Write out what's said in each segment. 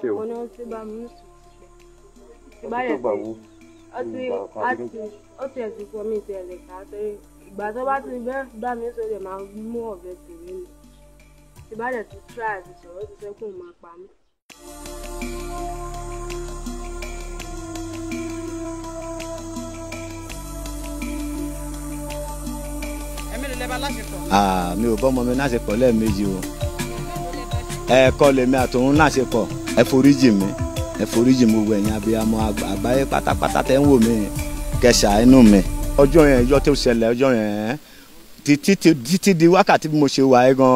ṣe o. ọ̀nà ti bá mi sùn. ìgbà yẹn ti ó ti ẹ̀sìn fún mi ti ẹ̀lẹ̀ ká pé ìgbà tó bá ti bẹ́ẹ̀ bá mi sọ̀rọ̀ ẹ̀ máa mú ọ̀bẹ tèmi ni. ìgbà yẹn ti try àti sọ̀rọ̀ ti fẹ́ kó máa pa mí. mi ò bọ́ ọmọ mi láṣepọ̀ lẹ́ẹ̀mejì o ẹ̀ẹ̀kọ́ lèmi àtòun láṣepọ̀ ẹ foríjì mi ẹ foríjì mi gbogbo ẹ̀yin abiyamọ àgbáyé pátápátá tẹ́ ń wò mí kẹsà inú mi. ọjọ́ yẹn ọjọ́ tó ṣẹlẹ̀ ọjọ́ yẹn títí títí di wákàtí mo ṣe wà ẹ́ gan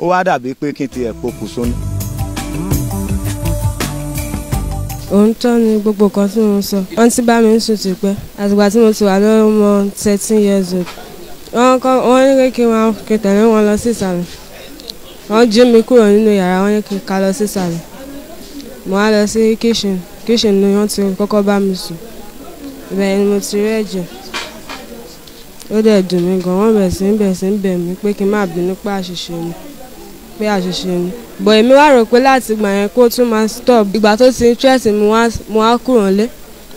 ó wá dàbí pé kí n ti ẹ̀ pokùnso ni. òótọ́ ni gbogbo nǹkan tí mo sọ wọ́n ti bá mi ń sùn tipẹ́ àtìgbà tí mo ti wà lọ́wọ́ ọmọ thirteen years old wọ́n kọ́ wọ́n ní pé kí wọ́n tẹ̀lé wọn lọ sí ìsàlẹ̀ wọ́n jí mi kúrò nínú yàrá wọ́n ní kí n ká lọ sí ìsàlẹ̀ mo wá lọ sí kitchen kitchen ni wọ́n ti kọ́kọ́ bá mi sùn bẹ́ẹ̀ ni mo ti rí ẹ̀jẹ̀ ó dẹ̀ dùn mí gan wọ́n bẹ̀ sí ń bẹ̀ sí bẹ̀ mí pé kí n má bínú pé àṣìṣe ni pé àṣìṣe ni bọ̀ èmi wá rò pé láti gbà yẹn kó tún máa stop ìgbà tó ti ń stress mi mo wá kúrò lé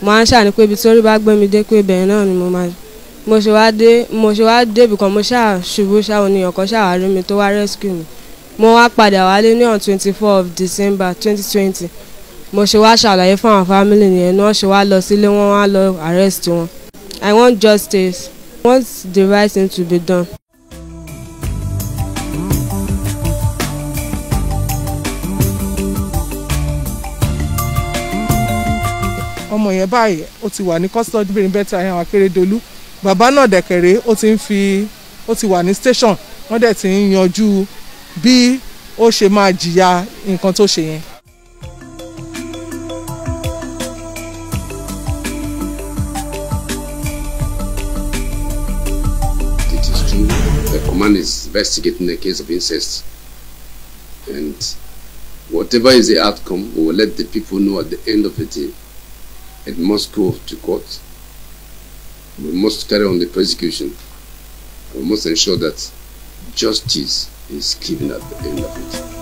mo wá ń ṣàní pé ibi tí orí bá gbé mi dé pé ibẹ̀rẹ̀ náà ni mo máa mo ṣe wá dé mo ṣe wá dé ibìkan mo ṣáà ṣubú ṣáà oníyàn ṣáà wá rí mi tó wá rescue mi mo wá padà wálé ní on twenty four of december twenty twenty mo ṣe wá ṣàlàyé fún àwọn fámìlì nìyẹn ni wọ́n ṣe wá lọ sílé wọ́n wá lọ arrest wọn i want justice i want the right thing to be done. ọmọ yẹn báyìí ó ti wà ní custody bíi bẹ́tà yẹn Akérédolú bàbá náà dẹ̀kẹ̀rẹ́ ó ti ń fi ó ti wà ní station wọ́n dẹ̀ ti ń yanjú bí ó ṣe máa jìyà nǹkan tó ṣe yẹn. It is true the command is investigating the case of incest and whatever is the outcome we will let the people know at the end of the day it must go to court we must carry on the prosecution we must ensure that justice is keeping up in the it.